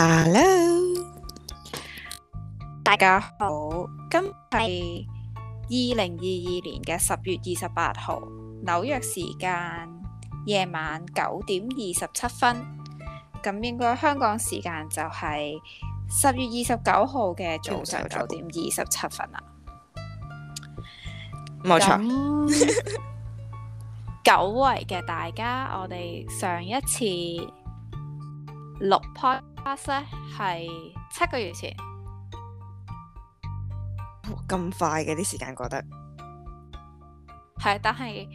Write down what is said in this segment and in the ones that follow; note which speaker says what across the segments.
Speaker 1: Hello，
Speaker 2: 大家好。今日係二零二二年嘅十月二十八號，紐約時間夜晚九點二十七分，咁應該香港時間就係十月二十九號嘅早上九點二十七分啦。
Speaker 1: 冇錯。
Speaker 2: 久違嘅大家，我哋上一次六消失係七個月前，
Speaker 1: 咁快嘅、啊、啲時間過得
Speaker 2: 係，但係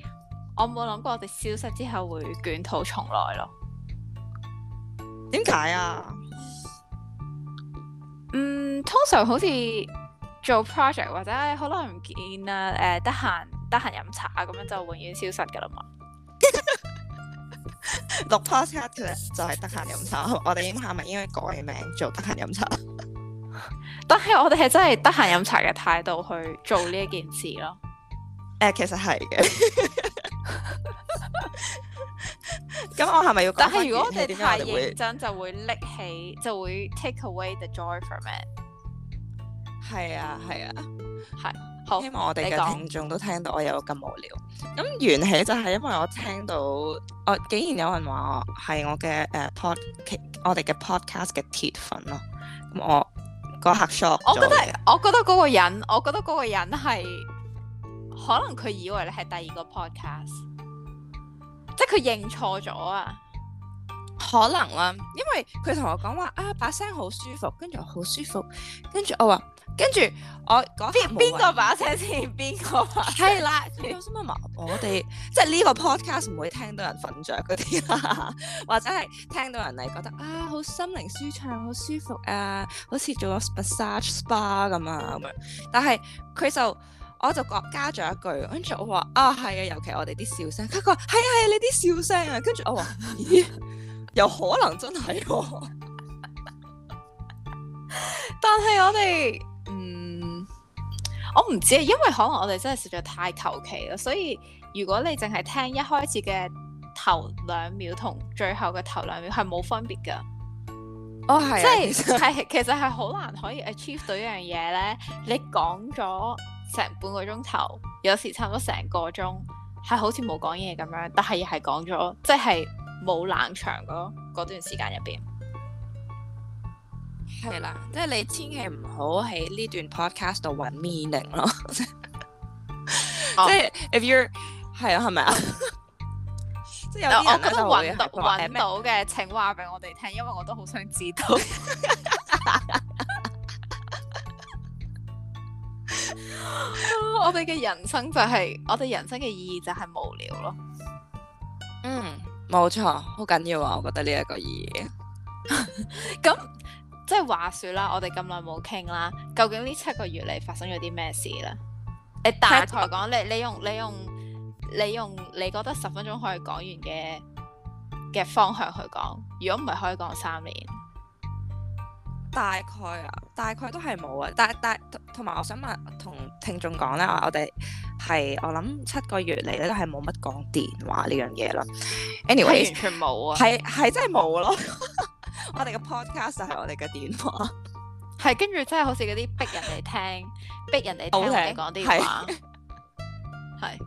Speaker 2: 我冇諗過我哋消失之後會捲土重來咯。點解啊？嗯，通常好似做 project 或者好耐唔見啊，誒、呃，得閒得閒飲茶啊，咁樣就永遠消失㗎啦嘛。
Speaker 1: 錄 podcast 就係得閒飲茶，我哋係咪應該改名做得閒飲茶？
Speaker 2: 但係我哋係真係得閒飲茶嘅態度去做呢一件事咯。
Speaker 1: 誒、呃，其實係嘅。
Speaker 2: 咁 我係咪要講？但係如果我哋太認真，就會拎起， 就會 take away the joy from it。係啊，係啊，係。好希望我哋嘅聽眾
Speaker 1: 說都聽到我有咁無聊。咁、嗯、緣起就係因為我聽到，我竟然有人話我係我嘅誒、呃、pod，我哋嘅 podcast 嘅鐵粉咯。咁、嗯、我、那個客說，我覺得，
Speaker 2: 我覺得嗰個人，我覺得嗰個人係可能佢以為你係第二個 podcast，即係佢認錯咗啊？
Speaker 1: 可能啦、啊，因為佢同我講話啊，把聲好舒服，跟住我好舒服，跟住我話。跟住我嗰邊邊個把聲先，邊個？係啦，有冇乜麻煩？我哋即係呢個 podcast 唔會聽到人瞓着嗰啲啦，或者係聽到人嚟覺得啊，好心靈舒暢，好舒服啊，好似做個 massage spa 咁啊咁樣。但係佢就我就加咗一句，跟住我話啊，係啊，尤其我哋啲笑聲。佢話係啊係啊，啊，啊，啊，啊，你啲笑聲啊。跟住我話咦，呃、有可能真係喎？
Speaker 2: 但係 我哋。嗯，我唔知啊，因為可能我哋真係實在太求其啦，所以如果你淨係聽一開始嘅頭兩秒同最後嘅頭兩秒係冇分別噶。哦，係、啊、即係是， 其實係好難可以 achieve 到一樣嘢咧。你講咗成半個鐘頭，有時差唔多成個鐘，係好似冇講嘢咁樣，但係又係講咗，即係冇冷場嗰段時間入邊。係啦，即係你千祈唔
Speaker 1: 好喺呢段 podcast 度搵 meaning 咯，即係 if you 係啊，係咪啊？
Speaker 2: 即係有啲人覺得搵到嘅，到請話俾我哋聽，因為我都好想知道。我哋嘅人生就係、是、我哋人生嘅意義就係無聊咯。嗯，
Speaker 1: 冇錯，好緊要啊！我覺得呢一個意義
Speaker 2: 咁。 即係話説啦，我哋咁耐冇傾啦，究竟呢七個月嚟發生咗啲咩事咧？你大概講， 你用你用你用你用你覺得十分鐘可以講完嘅嘅方向去講。如果唔係，可以講三年。大
Speaker 1: 概啊，大概都係冇啊。但但大同埋，我想問同聽眾講咧，我哋係我諗七個月嚟咧都係冇乜講電話呢樣嘢咯。Anyway，完全冇啊，係係真係冇咯。我哋嘅 podcast 就係我哋嘅電話，
Speaker 2: 係跟住真係好似嗰啲逼人哋聽，逼人哋聽你講啲話，係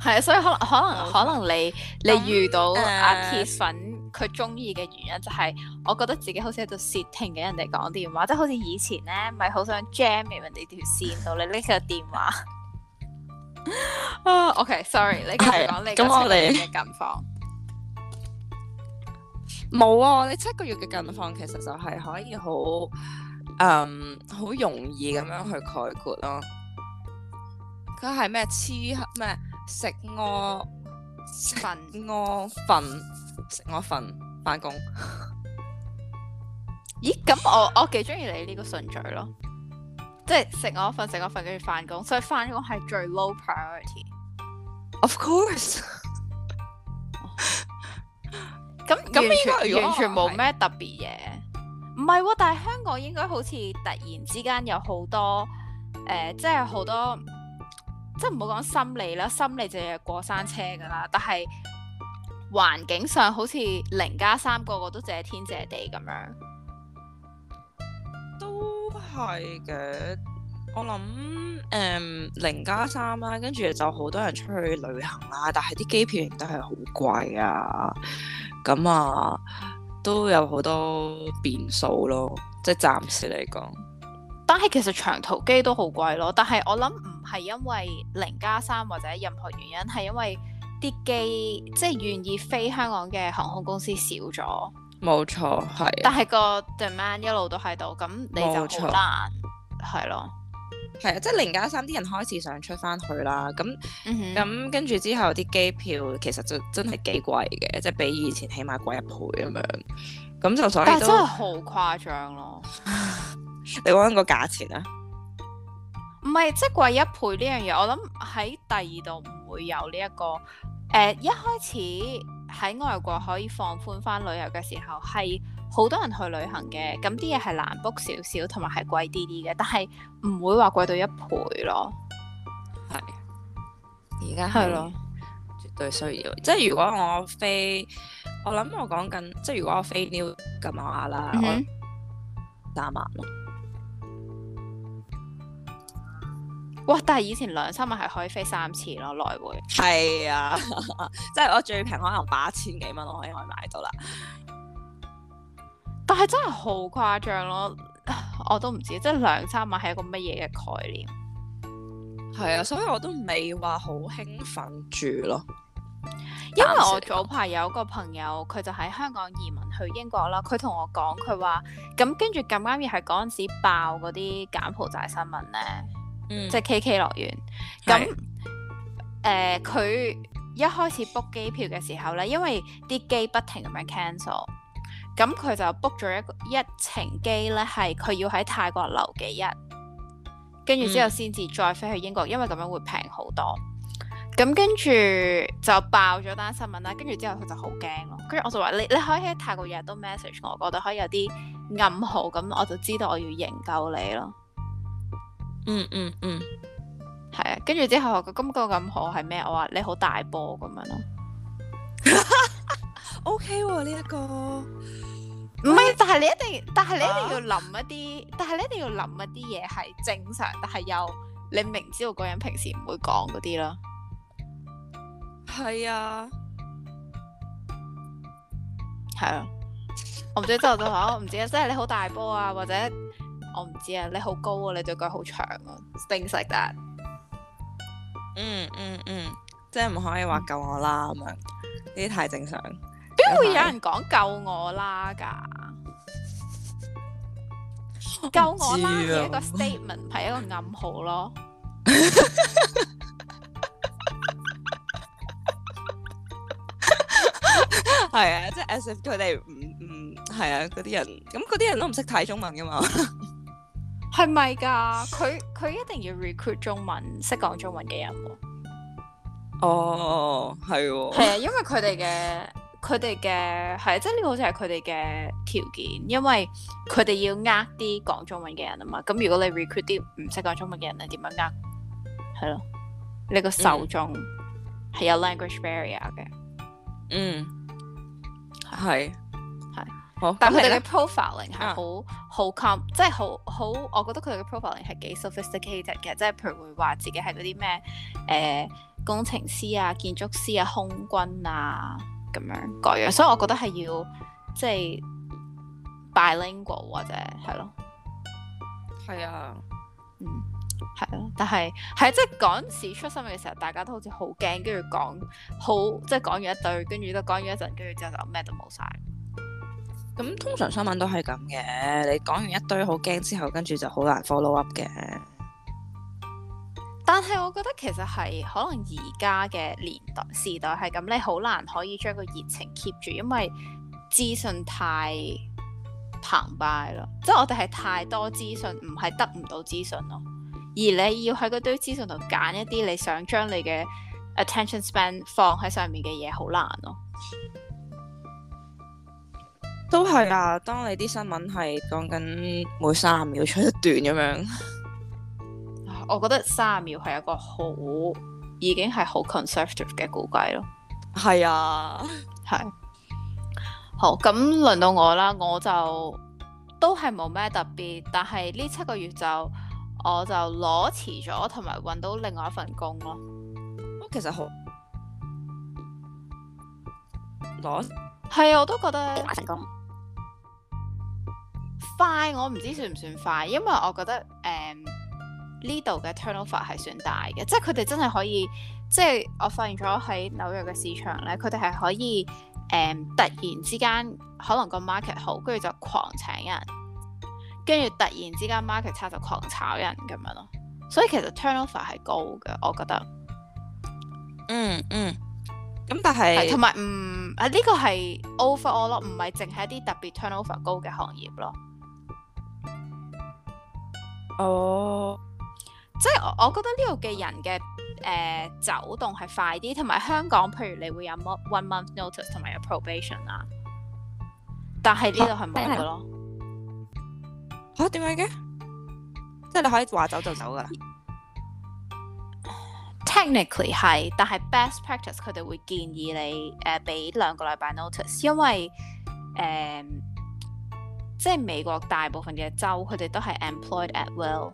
Speaker 2: 係啊，所以可能可能 可能你你遇到阿鐵粉佢中意嘅原因就係、是，我覺得自己好似喺度竊聽緊人哋講話是是、就是、人電話，即係好似以前咧咪好想 jam 住人哋條線到你拎佢個電話啊，OK，sorry，呢期講你咁我哋嘅近況。
Speaker 1: 冇啊！你七個月嘅近況其實就係可以好，嗯，好容易咁樣去概括咯、啊。佢係咩？黐咩？食我瞓我瞓
Speaker 2: 食我瞓翻工。飯咦？咁我我幾中意你呢個順序咯。 即係食我瞓食我瞓跟住翻工，所以翻工係最 low priority。Of course. oh. 咁咁，那完全果完全冇咩特別嘢，唔係喎。但係香港應該好似突然之間有好多誒、呃即係，即係好多即係唔好講心理啦，心理就係過山車㗎啦。但係環境上好似零加三，個個都謝天謝地咁樣，
Speaker 1: 都係嘅。我諗誒零加三啦，跟、呃、住、啊、就好多人出去旅行啦、啊。但係啲機票都係好貴啊。咁啊，都有好多變數咯，
Speaker 2: 即係暫時嚟講。但係其實長途機都好貴咯，但係我諗唔係因為零加三或者任何原因，係因為啲機即係願意飛香港嘅航空公司少咗。
Speaker 1: 冇錯，係。但係
Speaker 2: 個 demand 一路都喺度，咁你就好難，係咯。係啊，即係零加三啲人開始想
Speaker 1: 出翻去啦，咁咁跟住之後啲機票其實就真係幾貴嘅，即係比以前起碼貴一倍咁樣，咁就所以都但係真係
Speaker 2: 好誇張咯。
Speaker 1: 你講緊個價錢啊？
Speaker 2: 唔係，即係貴一倍呢樣嘢，我諗喺第二度唔會有呢一個。誒、呃，一開始喺外國可以放寬翻旅遊嘅時候係。好多人去旅行嘅，咁啲嘢係難 book 少少，同埋係貴啲啲嘅，但係唔會話貴到一倍咯。係，而家係咯，
Speaker 1: 絕對需要。的即係如果
Speaker 2: 我飛，
Speaker 1: 我諗我講緊，即係如果我飛 new 嘅話啦，嗯、
Speaker 2: 哼我三萬咯。哇！但係以前兩三萬係可以飛三次咯，來回。係是啊， 即係我最平可能八千幾蚊，我可以去買到啦。但係真係好誇張咯，我都唔知，即係兩三萬係一個乜嘢嘅概念。係 啊，所以我都未話好興奮住咯。因為我早排有個朋友，佢就喺香港移民去英國啦。佢同我講，佢話咁跟住咁啱又係嗰陣時爆嗰啲柬埔寨新聞咧，嗯、即係 K K 樂園咁。誒的，佢、呃、一開始 book 機票嘅時候咧，因為啲機不停咁樣 cancel。咁佢就 book 咗一一程機咧，係佢要喺泰國留幾日，跟住之後先至再飛去英國，因為咁樣會平好多。咁跟住就爆咗單新聞啦，跟住之後佢就好驚咯。跟住我就話你，你可以喺泰國日日都 message 我，我哋可以有啲暗號，咁我就知道我要營救你咯。嗯，嗯嗯嗯，係啊。跟住之後，個今個暗號係咩？我話你好大波咁樣咯。O K 喎，呢一個是，唔係，但係你一定，但係你一定要諗一啲，麼但係你一定要諗一啲嘢係正常，但係又你明知道個人平時唔會講嗰啲咯。係啊，係啊，我唔知周同學， 我唔知啊，即、就、係、是、你好大波啊，或者我唔知啊，你好高啊，你對腳好長啊，things like that。嗯
Speaker 1: 嗯嗯，即係唔可以話救我啦咁樣，呢啲、嗯、太正常。
Speaker 2: 都會有人講救我啦噶，救我啦係知一個 statement，係 一個暗號咯。
Speaker 1: 係啊， 即係 as if 佢哋唔唔係啊，嗰啲人咁嗰啲人都唔識睇中文噶嘛？
Speaker 2: 係咪噶？佢佢一定要 recruit 中文識講中文嘅人喎。
Speaker 1: 哦，係、嗯、喎。係啊，
Speaker 2: 因為佢哋嘅。 佢哋嘅係即係呢個好似係佢哋嘅條件，因為佢哋要呃啲講中文嘅人啊嘛。咁如果你 recruit 啲唔識講中文嘅人咧，點樣呃？係咯、嗯，呢個受眾係有 language barrier 嘅。嗯，係係好，但佢哋嘅 profiling 係好好 com，即係好好。我覺得佢哋嘅 profiling 係幾 sophisticated 嘅，即係譬如話自己係嗰啲咩誒工程師啊、建築師啊、空軍啊。咁樣改，所以我覺得係要即係 bilingual 或者係咯，係啊，嗯，係啊，但係係即係嗰時出新聞嘅時候，大家都好似好驚，跟住講好即係講完一堆，跟住都講完一陣，跟住之後就咩都冇晒。咁通常新聞都係咁嘅，
Speaker 1: 你講完一堆好驚之後，跟住就好難 follow up 嘅。
Speaker 2: 但係，我覺得其實係可能而家嘅年代時代係咁，你好難可以將個熱情 keep 住，因為資訊太澎湃咯，即係我哋係太多資訊，唔係得唔到資訊咯，而你要喺嗰堆資訊度揀一啲你想將你嘅 attention span 放喺上面嘅嘢，好難咯。
Speaker 1: 都係啊，當你啲新聞係講緊每三十秒出一段咁樣。
Speaker 2: 我覺得三十秒係一個好，已經係好 conservative 嘅估計咯。係啊，係。好，咁輪到我啦，我就都係冇咩特別，但係呢七個月就我就攞遲咗，同埋揾到另外一份工咯。其實好攞係啊，我都覺得成功快。我唔知算唔算快，因為我覺得誒。嗯呢度嘅 turnover 係算大嘅，即係佢哋真係可以，即係我發現咗喺紐約嘅市場咧，佢哋係可以誒、嗯、突然之間可能個 market 好，跟住就狂請人，跟住突然之間 market 差就狂炒人咁樣咯。所以其實 turnover 係高嘅，我覺得。嗯嗯。咁、嗯嗯嗯、但係同埋唔啊呢、呢個係 overall 咯，唔係淨係一啲特別 turnover 高嘅行業咯。
Speaker 1: 哦。
Speaker 2: 即係我，我覺得呢度嘅人嘅誒、呃、走動係快啲，同埋香港，譬如你會有 mo one month notice 同埋有 probation 啦。但係呢度係冇嘅咯。嚇、啊？點解嘅？即係你可以話走就走噶啦。 Technically 係，但係 best practice 佢哋會建議你誒俾兩個禮拜 notice，因為誒、呃、即係美國大部分嘅州佢哋都係 employed at will。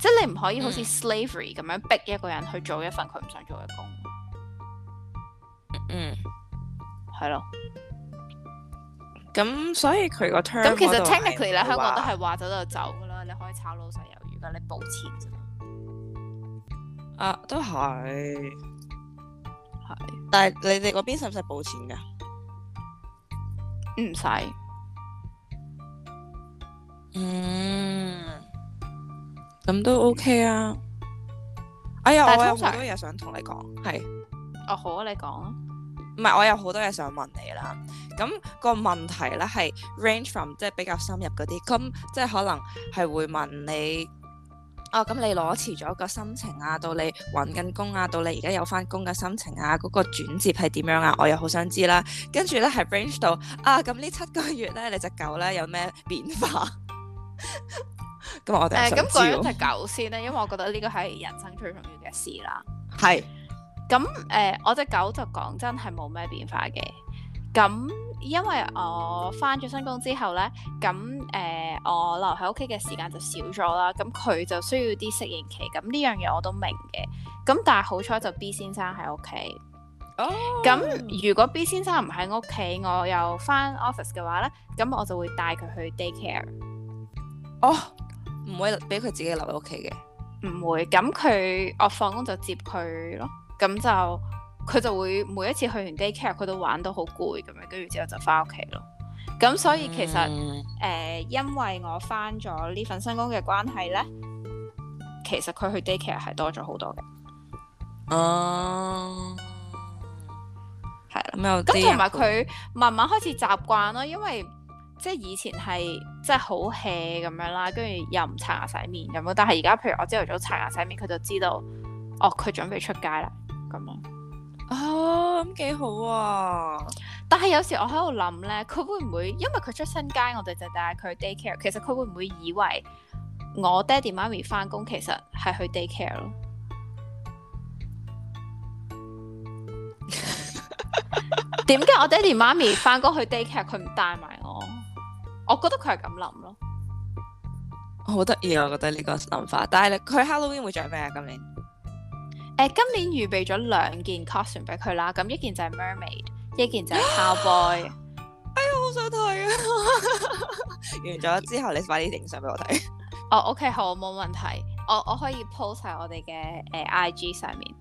Speaker 2: 即係你唔可以好似 slavery 咁樣逼一個人去做一份佢唔想做嘅工。嗯，係咯。
Speaker 1: 咁所以佢個 turn 咁其實 technically 咧，香港都係
Speaker 2: 話走就走噶啦。你可以炒老細魷魚噶，你賠錢啫
Speaker 1: 嘛。啊，都係。係是。但係你哋嗰邊使唔使賠錢噶？唔使用。嗯。咁都 OK 啊！哎呀，我有好多嘢
Speaker 2: 想同你講，係哦。好啊，你講
Speaker 1: 啊，唔係我有好多嘢想問你啦。咁個問題咧係 range from，即係比較深入嗰啲，咁即係可能係會問你哦，咁你攞遲咗個心情啊，到你搵緊工啊，到你而家有翻工嘅心情啊，嗰、嗰個轉折係點樣啊？我又好想知啦。跟住咧係 range 到啊，咁呢七個月咧，你隻狗咧有咩變化？ 咁我哋，咁講咗隻狗
Speaker 2: 先啦，因為我覺得呢個係人生最重要嘅事啦。係是。咁誒、呃，我隻狗就講真係冇咩變化嘅。咁因為我返咗新工之後呢，咁誒、呃、我留喺屋企嘅時間就少咗啦。咁佢就需要啲適應期。咁呢樣嘢我都明嘅。咁但係好彩就 B 先生喺屋企。哦、oh.。咁如果 B 先生唔喺屋企，我又返 office 嘅話呢，咁我就會帶佢去 daycare。哦。Oh. 唔會俾佢自己留喺屋企嘅，唔會。咁佢我放工就接佢咯。咁就佢就會每一次去完 daycare，佢都玩到好攰咁樣，跟住之後就返屋企咯。咁所以其實誒、嗯呃，因為我返咗呢份新工嘅關係咧，其實佢去 daycare 係多咗好多嘅。哦、嗯，
Speaker 1: 係啦。咁同埋佢
Speaker 2: 慢慢開始習慣咯，因為。即係以前係即係好 hea 咁樣啦，跟住又唔刷牙洗面咁咯。但係而家譬如我朝頭早刷牙洗面，佢就知道哦，佢準備出街啦咁啊，哦，咁幾好啊！但係有時我喺度諗咧，佢會唔會因為佢出新街，我哋就帶佢去 day care？其實佢會唔會以為我爹哋媽咪翻工其實係去 day care 咯？點解我爹哋媽咪翻工去 day care 佢唔帶埋？我覺得佢係咁諗咯，
Speaker 1: 好得意啊！我覺得呢個諗法，但係佢 Halloween 會着咩啊？今年？
Speaker 2: 呃、今年預備咗兩件 costume 俾佢啦，咁一件就係 mermaid，一件就係 cowboy。 哎呀，好想睇啊！
Speaker 1: 完咗之後你快啲
Speaker 2: 影相俾我睇。 哦，OK，好，冇問題，我我可以 post 喺我哋嘅、呃、IG 上面。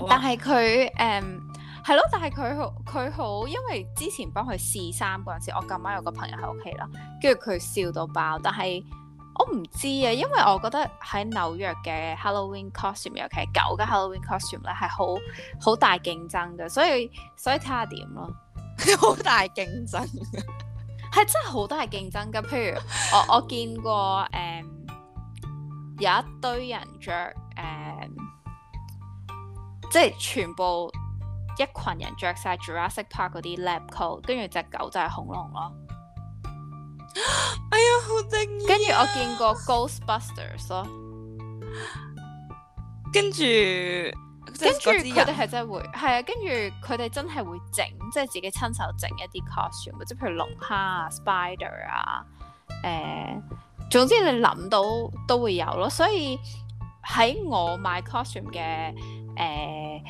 Speaker 2: 啊、但係佢誒。嗯係咯，但係佢好佢好，因為之前幫佢試衫嗰陣時，我咁啱有個朋友喺屋企啦，跟住佢笑到爆。但係我唔知啊，因為我覺得喺紐約嘅 Halloween costume，尤其係狗嘅 Halloween costume 咧，係好好大競爭噶，所以所以睇下點咯，好 大競爭，係 真係好大競爭噶。譬如我我見過誒，um, 有一堆人着誒，um, 即係全部。一群人着晒 Jurassic Park 嗰啲 lab coat，跟住隻狗就係恐龍咯。哎呀，好正啊！跟住我見過 Ghostbusters 咯，
Speaker 1: 跟住跟住佢哋係
Speaker 2: 真係會，係、就是、啊，跟住佢哋真係會整，即係自己親手整一啲 costume 即係譬如龍蝦啊、spider 啊，誒，總之你諗到都會有咯。所以喺我買 costume 嘅誒，呃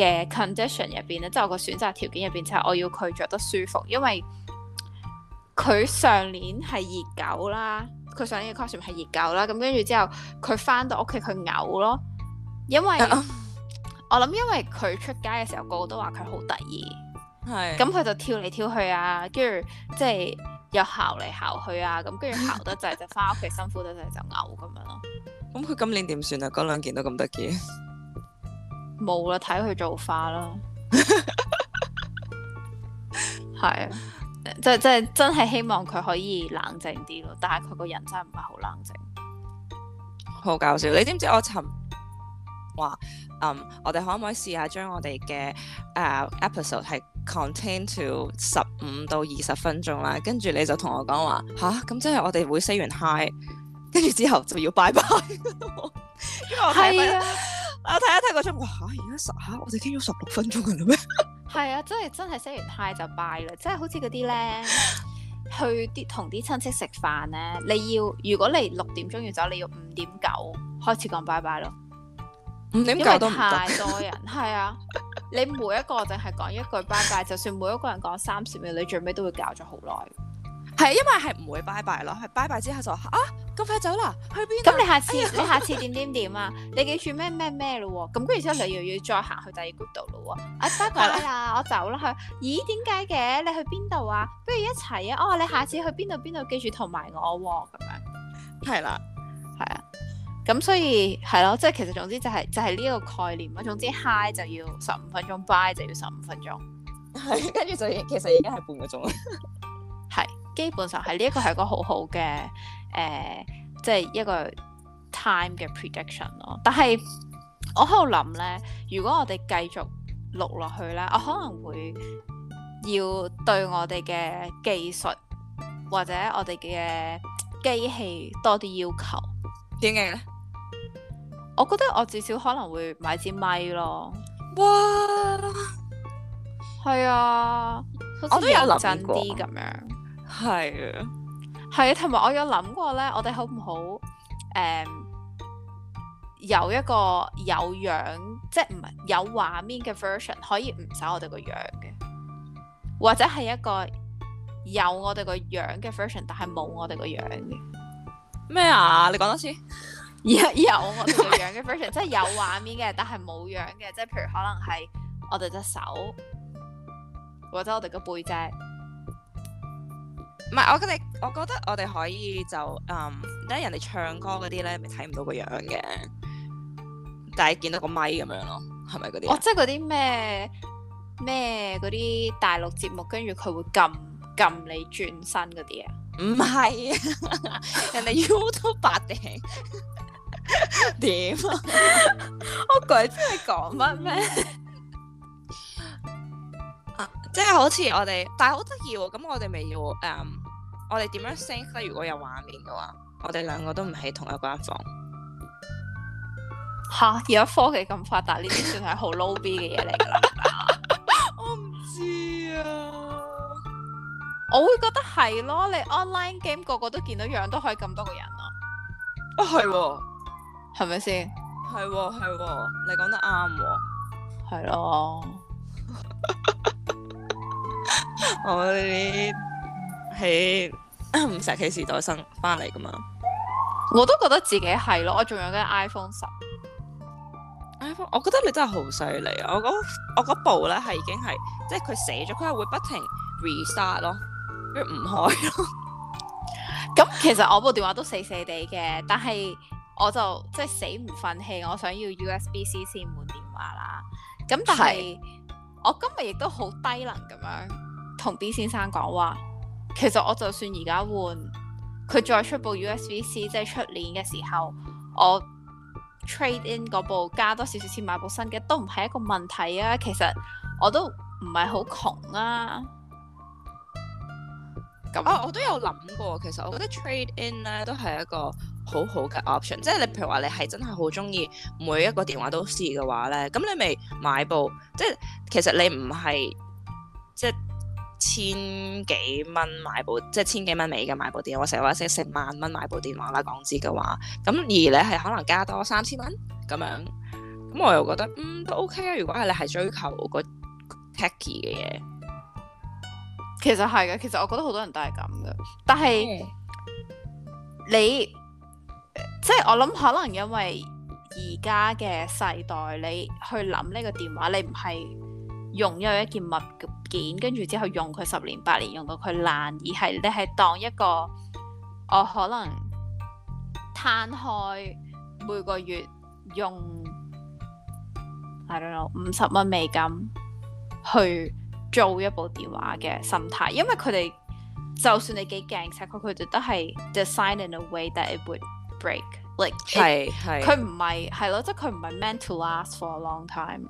Speaker 2: 嘅 condition 入邊咧，即係我個選擇條件入邊，就係、是我，就是、我要佢着得舒服，因為佢上年係熱狗啦，佢上年嘅 condition 係熱狗啦，咁跟住之後佢翻到屋企佢嘔咯，因為 我諗因為佢出街嘅時候個個都話佢好得意，係，咁佢就跳嚟跳去啊，跟住即係又行嚟行去啊，咁跟住行得滯就翻屋企辛苦得滯就嘔咁樣咯，
Speaker 1: 咁佢 今年點算啊？嗰兩件都咁得意。
Speaker 2: 冇啦，睇佢做法啦，係啊， 即係即係真係希望佢可以冷靜啲咯，但係佢個人真係唔係好冷靜，
Speaker 1: 好搞笑！你知唔知我尋，
Speaker 2: 話，
Speaker 1: 嗯、我哋可唔可以試下將我哋嘅誒 episode 係 contain to 十五到二十分鐘啦？跟住你就同我講話吓，咁、啊嗯、即係我哋會 say 完 hi，跟住之後就要拜拜。」
Speaker 2: 因為我睇
Speaker 1: 我睇一睇嗰張，哇嚇！而家十下，我哋傾咗十六分鐘嘅嘞咩？
Speaker 2: 係 啊，真係真係 say 完 hi 就 bye 啦，即係好似嗰啲咧，去啲同啲親戚食飯咧，你要如果你六點鐘要走，你要五點九開始講拜拜咯。五點九都唔得。太多人係 啊，你每一個淨係講一句拜拜，就算每一個人講三十秒，你最尾都會搞咗好耐。
Speaker 1: 係，因為係唔會 bye bye 咯，
Speaker 2: 係 bye bye 之後就啊咁快走啦，去邊度，啊？咁你下次、哎、呀你下次點點點啊？ 你記住咩咩咩咯？咁跟住之後你又要再行去第二 group 度咯？哎，bye 啦， 我走啦去。咦，點解嘅？你去邊度啊？不如一齊啊？哦，你下次去邊度邊度記住同埋我喎，咁樣。係啦，係啊。咁所以係咯，即係其實總之就係、是、就係呢一個概念咯。總之 high 就要十五分鐘 bye 就要十五分鐘。係，跟住就其實而家係半個鐘。 基本上係呢一個係一個好好嘅，誒，即、呃、係、就是、一個 time 嘅 prediction 咯。但係我喺度諗呢，如果我哋繼續錄落去呢，我可能會要對我哋嘅技術或者我哋嘅機器多啲要求。點解呢？我覺得我至少可能會買支咪咯。哇！係 啊，我都有諗過咁樣。 係啊，係啊，同埋我有諗過咧，我哋好唔好誒、嗯、有一個有樣，即係唔係有畫面嘅 version，可以唔使我哋個樣嘅，或者係一個有我哋個樣嘅 version，但係冇我哋個樣嘅
Speaker 1: 咩啊？你講多次，有 有我哋個樣嘅 version， 即係有畫
Speaker 2: 面嘅，但係冇樣嘅，即係譬如可能係我哋隻手或者我哋個背脊。唔係我覺得我覺得我哋可以就
Speaker 1: 嗯，而家人哋唱歌嗰啲咧，咪睇唔到個樣嘅，但係見到個咪咁樣咯，係咪嗰啲？哦，即係
Speaker 2: 嗰啲咩咩嗰啲大陸節目，跟住佢會撳撳你轉身嗰啲不是啊？ 唔係、 uh,，人哋 YouTube 八定點啊？我
Speaker 1: 鬼知你講乜咩，即係好似我哋，但係好得意喎！咁我哋咪要誒？Um, 我哋點樣 think 咧？如果有畫面嘅話，我哋兩個都唔喺同一間房。嚇！而家科技咁
Speaker 2: 發達，呢啲 算係好 low B 嘅嘢嚟㗎啦。 我唔知啊，我會覺得係咯。你 online game 個個都見到樣，都可以咁多個人啊。啊係喎，係咪先？
Speaker 1: 係喎係喎，你講得啱喎。
Speaker 2: 係咯。
Speaker 1: 我哋。係五石器時代生翻嚟噶嘛？我都覺得自己係咯，我仲有個
Speaker 2: iPhone 十
Speaker 1: ，iPhone，我覺得你真係好犀利啊！我嗰我部咧係已經係，即係佢死咗，佢係會不停 reset 咯，跟住唔開咯。
Speaker 2: 咁、 嗯、其實我部電話都死死地嘅，但係我就即係、就是、死唔忿氣，我想要 USB C 先換電話啦。
Speaker 1: 咁但係
Speaker 2: 是我今日亦都好低能咁樣同 B 先生講話。其實我就算而家換，佢再出部 USB C，即係出年嘅時候，我 trade in 嗰部加多少少錢買部新嘅都唔係一個問題啊。其實我都唔係好窮啊。咁啊、哦，我都有諗過，其實我
Speaker 1: 覺得 trade in 咧都係一個好好嘅 option，即係你譬如話你係真係好中意每一個電話都試嘅話咧，咁你咪買部，即係其實你唔係即係。千幾蚊買部，即係千幾蚊美金買部電話。我成日話即成萬蚊買部電話啦。港紙嘅話，咁而你係可能加多三千蚊咁樣，咁我又
Speaker 2: 覺得嗯都 OK 啊。如果係你係追求個 techy 嘅嘢，其實係嘅。其實我覺得好多人都係咁嘅，但係、嗯、你、呃、即係我諗，可能因為而家嘅世代，你去諗呢個電話，你唔係擁有一件物嘅。件跟住之後用佢十年八年用到佢爛，而係你係當一個我可能攤開每個月用 I don't know，五十蚊美金去做一部電話嘅心態，因為佢哋就算你幾勁錫佢佢哋都係 design in a way that it would break like, it,。係係，佢唔係係咯，即係佢唔係 meant to last for a long time。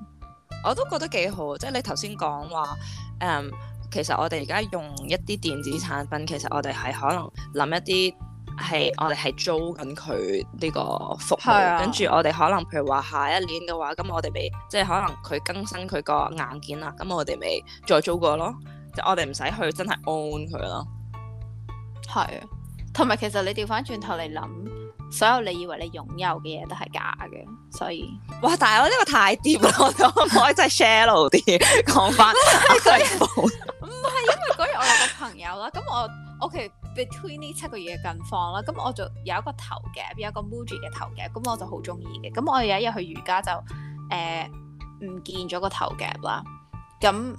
Speaker 2: 我都覺得幾好，即係你頭先講話，
Speaker 1: 誒、嗯，其實我哋而家用一啲電子產品，其實我哋係可能諗一啲係我哋係租緊佢呢個服務，跟住係、啊、我哋可能譬如話下一年嘅話，咁、嗯、我哋咪即係可能佢更新佢個硬件啦，咁、嗯、我哋咪再租過咯，即我
Speaker 2: 哋唔使去真係 own 佢咯。係啊，同埋其實你調翻轉頭嚟諗。所有你以為你擁有嘅嘢都係假嘅，所以哇！但係我呢個
Speaker 1: 太掂喇我唔可以真係 shallow 啲講翻。唔係因
Speaker 2: 為嗰日我有個朋友啦，咁我 OK between 呢七個月嘅近況啦，咁我就有一個頭夾有一個 Muji 嘅頭夾，咁我就好中意嘅。咁我有一日去瑜伽就誒唔見咗個頭夾啦，咁。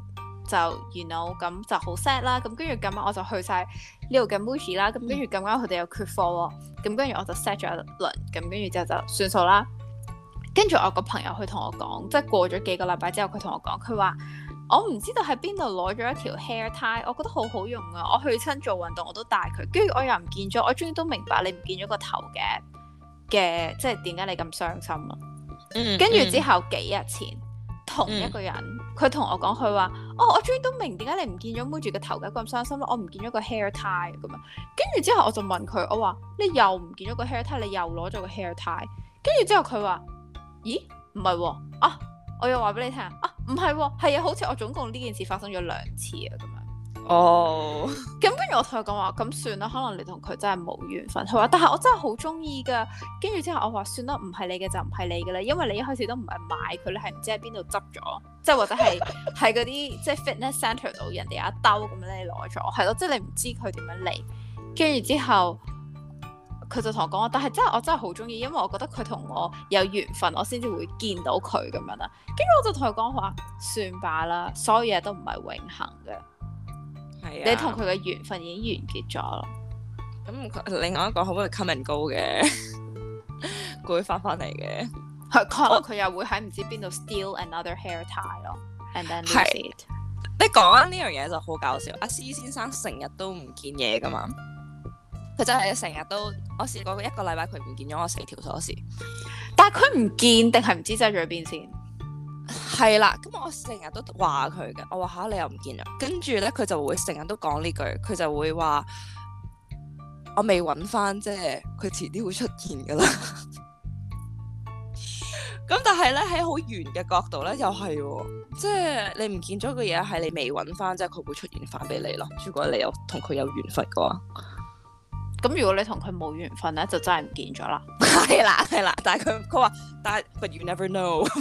Speaker 2: 就，you know，咁就好 sad 啦。咁跟住咁我就去晒呢度嘅 Muji 啦。咁跟住咁啱，佢哋又缺貨喎。咁跟住我就 set 咗一輪。咁跟住之後就算數啦。跟住我個朋友去同我講，即係過咗幾個禮拜之後，佢同我講，佢話我唔知道喺邊度攞咗一條 hair tie，我覺得好好用啊。我去親做運動我都戴佢。跟住我又唔見咗，我終於都明白你唔見咗個頭嘅嘅，即係點解你咁傷心咯、啊。跟住、嗯嗯、之後幾日前，嗯、同一個人，佢同我講，佢話。哦，我終於都明點解你唔見咗黐住個頭嘅咁傷心啦！我唔見咗個 hair tie 咁樣，跟住之後我就問佢，我話你又唔見咗個 hair tie，你又攞咗個 hair tie，跟住之後佢話：咦，唔係喎，啊，我又話俾你聽啊，唔係喎，係啊，好似我總共呢件事發生咗兩次啊咁樣。哦，咁、oh. 跟住我同佢講話，咁算啦，可能你同佢真係冇緣分。佢話：但係我真係好中意㗎。跟住之後我，我話：算啦，唔係你嘅就唔係你嘅啦，因為你一開始都唔係買佢，你係唔知喺邊度執咗，即係或者係係嗰啲即係 fitness centre 度人哋有一兜咁樣你攞咗，係咯， 即係你唔知佢點樣嚟。跟住之後，佢就同我講話，但係真係我真係好中意，因為我覺得佢同我有緣分，我先至會見到佢咁樣啦。跟住我就同佢講話，算吧啦，所有嘢都唔係永恆嘅。係，你同佢嘅緣分已經完結咗咯。咁、嗯，另
Speaker 1: 外一個會會 可能係 coming 高嘅，佢發翻嚟嘅。
Speaker 2: 佢佢又會喺唔知邊度 steal another hair tie 咯，and then l 是 it.
Speaker 1: 你講呢樣嘢就好搞笑，阿 C 先生成日都唔見嘢噶嘛。
Speaker 2: 佢真係成日都，我
Speaker 1: 試過一個禮拜佢唔見咗我四條鎖匙。
Speaker 2: 但係佢唔見定係唔
Speaker 1: 知真係去邊先？係啦，咁我成日都話佢嘅，我話吓、啊、你又唔見啦，跟住咧佢就會成日都講呢句，佢就會話我未揾翻啫，佢遲啲會出現噶啦。咁 但係咧喺好圓嘅角度咧，又係、哦、即係你唔見咗個嘢，係你未揾翻，即係佢會出現翻俾你咯。如果你有同佢有緣分嘅話，咁如果你同佢冇緣分
Speaker 2: 咧，就真係唔見咗啦。係啦， 係啦，但係佢佢話但係 But you never know。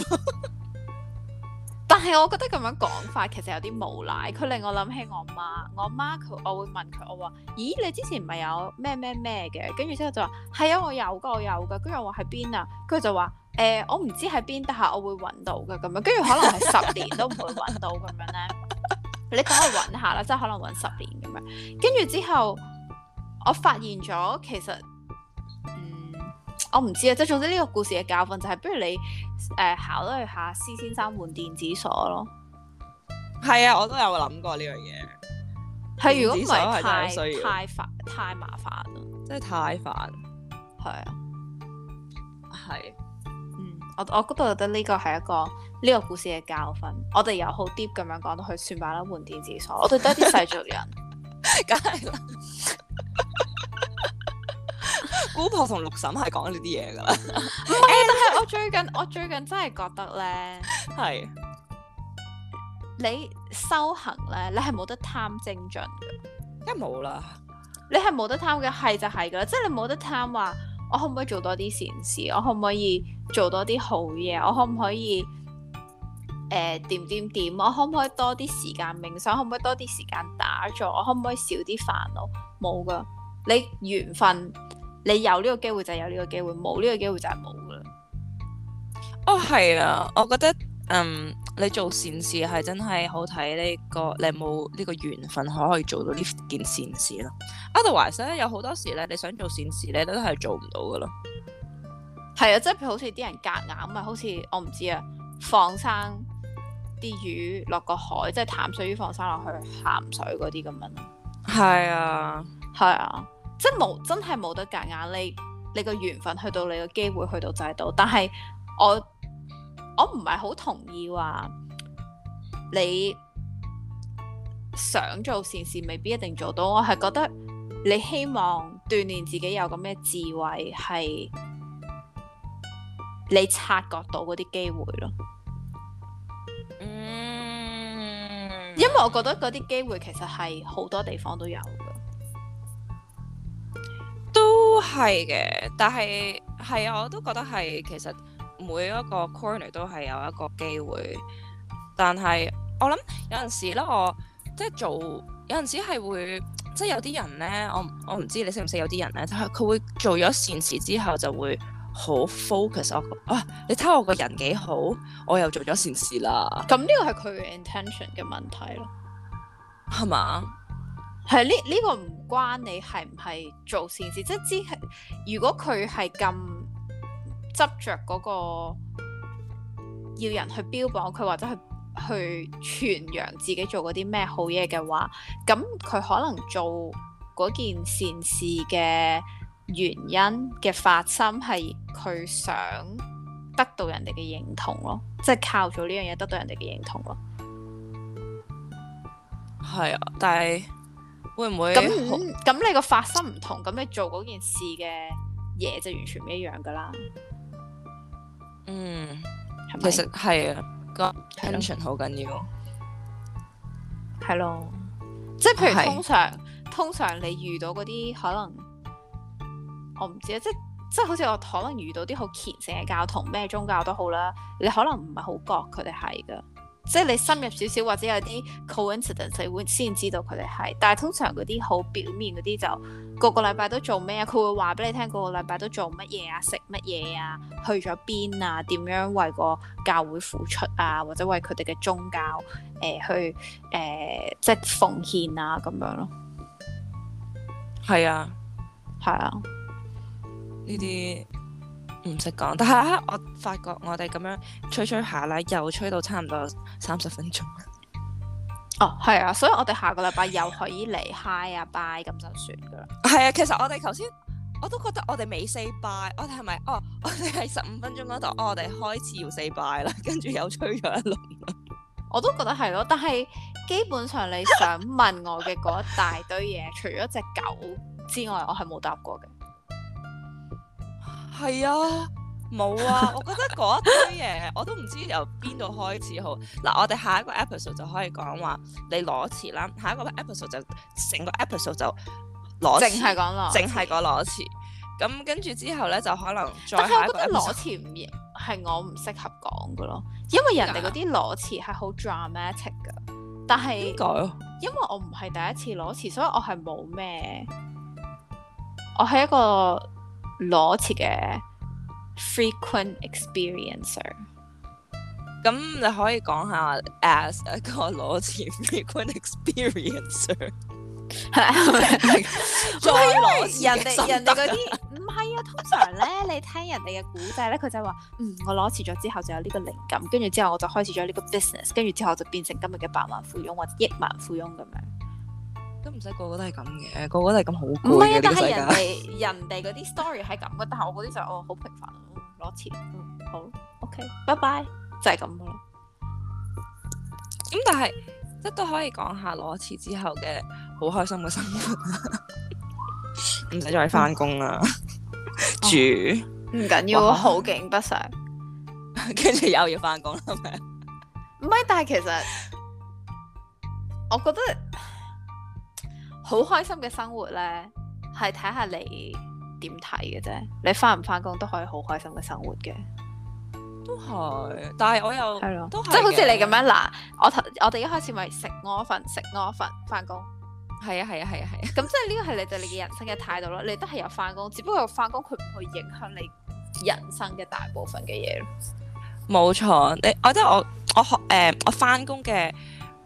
Speaker 2: 係，我覺得咁樣講法其實有啲無賴。佢令我諗起我媽，我媽佢，我會問佢，我話：咦，你之前唔係有咩咩咩嘅？跟住之後就話：係啊，我有噶，我有噶。跟住我話喺邊啊？跟住就話：誒、欸，我唔知喺邊，但係我會揾到嘅咁樣。跟住可能係十年都唔會揾到咁樣咧。你講我揾下啦，即係可能揾十年咁樣。跟住之後，我發現咗其實。我唔知啊，即係總之呢個故事嘅教訓就係，不如你誒、呃、考慮下施先生換電子鎖咯。
Speaker 1: 係啊，我都有諗過呢樣嘢。
Speaker 2: 係如果唔係太太煩，太麻煩啦。真係太煩。係啊。係、啊。嗯，我我嗰度覺得呢個係一個呢、這個故事嘅教訓。我哋又好 deep 咁樣講到去，算罷啦，換電子鎖。我哋多啲世俗人，梗係啦。
Speaker 1: 姑婆同六嬸係講呢啲嘢噶啦。
Speaker 2: 唔係，但係我最近 我最近真係覺得咧，係 是你修行咧，你係冇得貪精進嘅，梗係冇啦。你係冇得貪嘅，係就係噶啦，即、就、係、是、你冇得貪話，我可唔可以做多啲善事？我可唔可以做多啲好嘢？我可唔可以誒、呃、點點點？我可唔可以多啲時間冥想？可唔可以多啲時間打坐？我可唔可以少啲煩惱？冇噶，你緣分。你有呢個機會就有呢個機會，冇呢個機會就係冇噶啦。
Speaker 1: 哦，係啊，我覺得嗯，你做善事係真係好睇呢個，你有冇呢個緣分可可以做到呢件善事咯。
Speaker 2: Otherwise 有好多時咧，你想做善事咧都係做唔到噶咯。係啊，即係譬如好似啲人夾硬咪，好似我唔知啊，放生啲魚落個海，即係淡水魚放生落去鹹水嗰啲咁樣咯。係啊的，係啊。即係冇，真係冇得夾硬，你你個緣分去到，你個機會去到就係到。但係我我唔係好同意話你想做善事，未必一定做到。我係覺得你希望鍛煉自己有咁嘅智慧，係你察覺到嗰啲機會咯。嗯，因為我覺得嗰啲機會其實係好多地方都有。係
Speaker 1: 嘅，但係，係啊我都覺得係，其實每一個 corner 都係有一個機會。但係我諗有陣時咧，我，我即係做有陣時係會，即係有啲人咧，我我唔知你識唔識有啲人咧，就係佢會做咗善事之後就會好 focus。我啊，你睇我個人幾好，我又做咗善事啦。
Speaker 2: 咁呢個係佢嘅 intention 嘅問題咯，
Speaker 1: 係嘛吧？
Speaker 2: 係呢呢個唔。關你係唔係做善事，即係知。如果佢係咁執着嗰個要人去標榜佢或者去去傳揚自己做嗰啲咩好嘢嘅話，咁佢可能做嗰件善事嘅原因嘅發心係佢想得到人哋嘅認同咯，即係靠咗呢樣嘢得到人哋嘅認同咯。
Speaker 1: 係啊，但係。會
Speaker 2: 唔會咁咁 你個發心唔同，咁你做嗰件事嘅嘢，就完全唔一樣噶啦。嗯，
Speaker 1: 吧其實係
Speaker 2: 啊，個 attention 好緊要，係咯，咯，咯。即係譬如通常，是通常你遇到嗰啲可能，我唔知啊，即即係好似我可能遇到啲好虔誠嘅教徒，咩宗教都好啦，你可能唔係好覺佢哋係噶。即係你深入少少或者有啲 coincidence，你會先知道佢哋係。但係通常嗰啲好表面嗰啲就，個個禮拜都做咩啊？佢會話俾你聽，個個禮拜都做乜嘢啊？食乜嘢啊？去咗邊啊？點樣為個教會付出啊？或者為佢哋嘅宗教誒、呃、去誒、呃、即係奉獻啊？咁樣咯。係啊，係啊，呢
Speaker 1: 啲。唔識講，但係我發覺我哋咁樣吹吹下啦，又吹到差唔多三十分鐘。哦，
Speaker 2: 係啊，所以我哋下個禮拜又可
Speaker 1: 以嚟 high 啊 bye 咁就算噶啦。係啊，其實我哋頭先我都覺得我哋未 say bye，我哋係咪？哦，我哋喺十五分鐘嗰度，mm hmm. 哦，我哋開始要 say bye 啦，跟住又吹咗一輪。
Speaker 2: 我都覺得係咯，但係基本上你想問我嘅嗰一大堆嘢， 除咗隻狗之外，我係冇答過嘅。
Speaker 1: 係啊，冇啊，我覺得嗰一堆嘢 我都唔知由邊度開始好。嗱，我哋下一個 episode 就可以講話你攞詞啦。下一個 episode 就成個 episode 就攞，淨係講攞，淨係講攞詞。咁跟住之後咧，就可能再講。但係我覺得攞詞
Speaker 2: 唔係我唔適合講噶咯，因為人哋嗰啲攞詞係好 dramatic 噶。但係點解？因為我唔係第一次攞詞，所以我係冇咩，我係一個。裸辭嘅 frequent experiencer，
Speaker 1: 咁你可以講下 as 一個裸辭 frequent experiencer，
Speaker 2: 係咪？ 再攞 人哋 人哋嗰啲唔係啊，通常咧 你聽人哋嘅古仔咧，佢就話嗯，我裸辭咗之後就有呢個靈感，跟住之後我就開始咗呢個 business，跟住之後就變成今日嘅百萬富翁或者億萬富翁咁樣。都唔使個個都係咁嘅，
Speaker 1: 個個都係咁好攰嘅世界。唔係啊，但係人哋
Speaker 2: 人哋嗰啲 story 係咁嘅，但係我嗰啲就我好平凡，攞錢。好，OK，拜拜，就係
Speaker 1: 咁咯。咁但係即都可以講下攞錢之後嘅好開心嘅生活，唔 使 再翻工啦，嗯、 住
Speaker 2: 唔緊要，哦、哇好景不常。跟住 又要翻工啦係咪？唔 係， 但係其實我覺得。好開心嘅生活呢，係睇下你點睇嘅啫。你翻唔翻工都可以好開心嘅生活嘅，都係。但係我又係咯，即係好似你咁樣嗱，我頭我哋一開始咪食我份食我份翻工，係啊係啊係啊係啊。咁 即係呢個係你對你嘅人生嘅態度咯。你都係有翻工，只不過翻工佢唔會影響你人生嘅大部分嘅嘢，
Speaker 1: 冇錯，你我即得我我學誒、呃、我翻工嘅。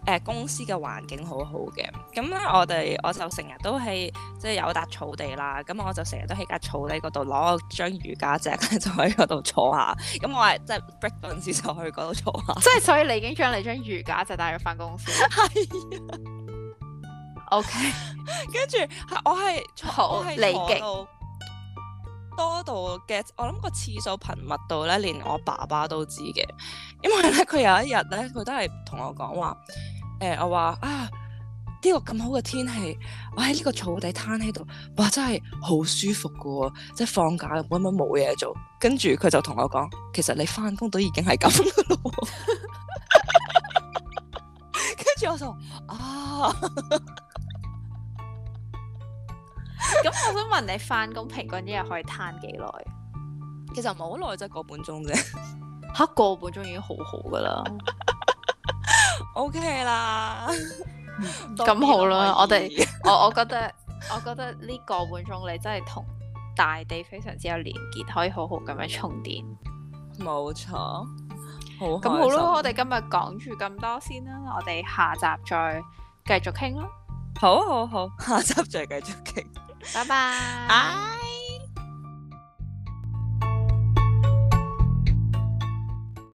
Speaker 1: 誒，公司嘅環境好好嘅，咁咧我哋我就成日都係即係有笪草地啦，咁我就成日都喺架草地嗰度攞個張瑜伽席，枕，就喺嗰度坐下。咁我係即係 breakdown 時就去嗰度坐
Speaker 2: 下。即係 所以你已經將你張瑜伽席帶咗翻公司。係、 啊。OK。
Speaker 1: 跟住我係坐喺坐多度嘅，我諗個的次數頻密度咧，連我爸爸都知嘅，因為咧佢有一日咧佢都係同我講話。誒、欸，我話啊，呢、這個咁好嘅天氣，我喺呢個草地攤喺度，哇，真係好舒服噶，即係放假，我乜冇嘢做，跟住佢就同我講，其實你翻工，都已經係咁噶咯，
Speaker 2: 跟住 我就啊，咁 我想問你，翻工平均一日可以攤幾耐？ 其實冇耐啫，個半鐘啫，吓，個半鐘已經好好噶啦。 O K 啦，咁、okay、 好啦，我哋，我我覺得， 我覺得呢個半鐘你真係同大地非常之有連結，可以好好咁樣充電。冇錯，好。咁好啦，我哋今日講住咁多先啦，我哋下集再繼續傾咯。好好好，下集再繼續傾。拜拜 bye。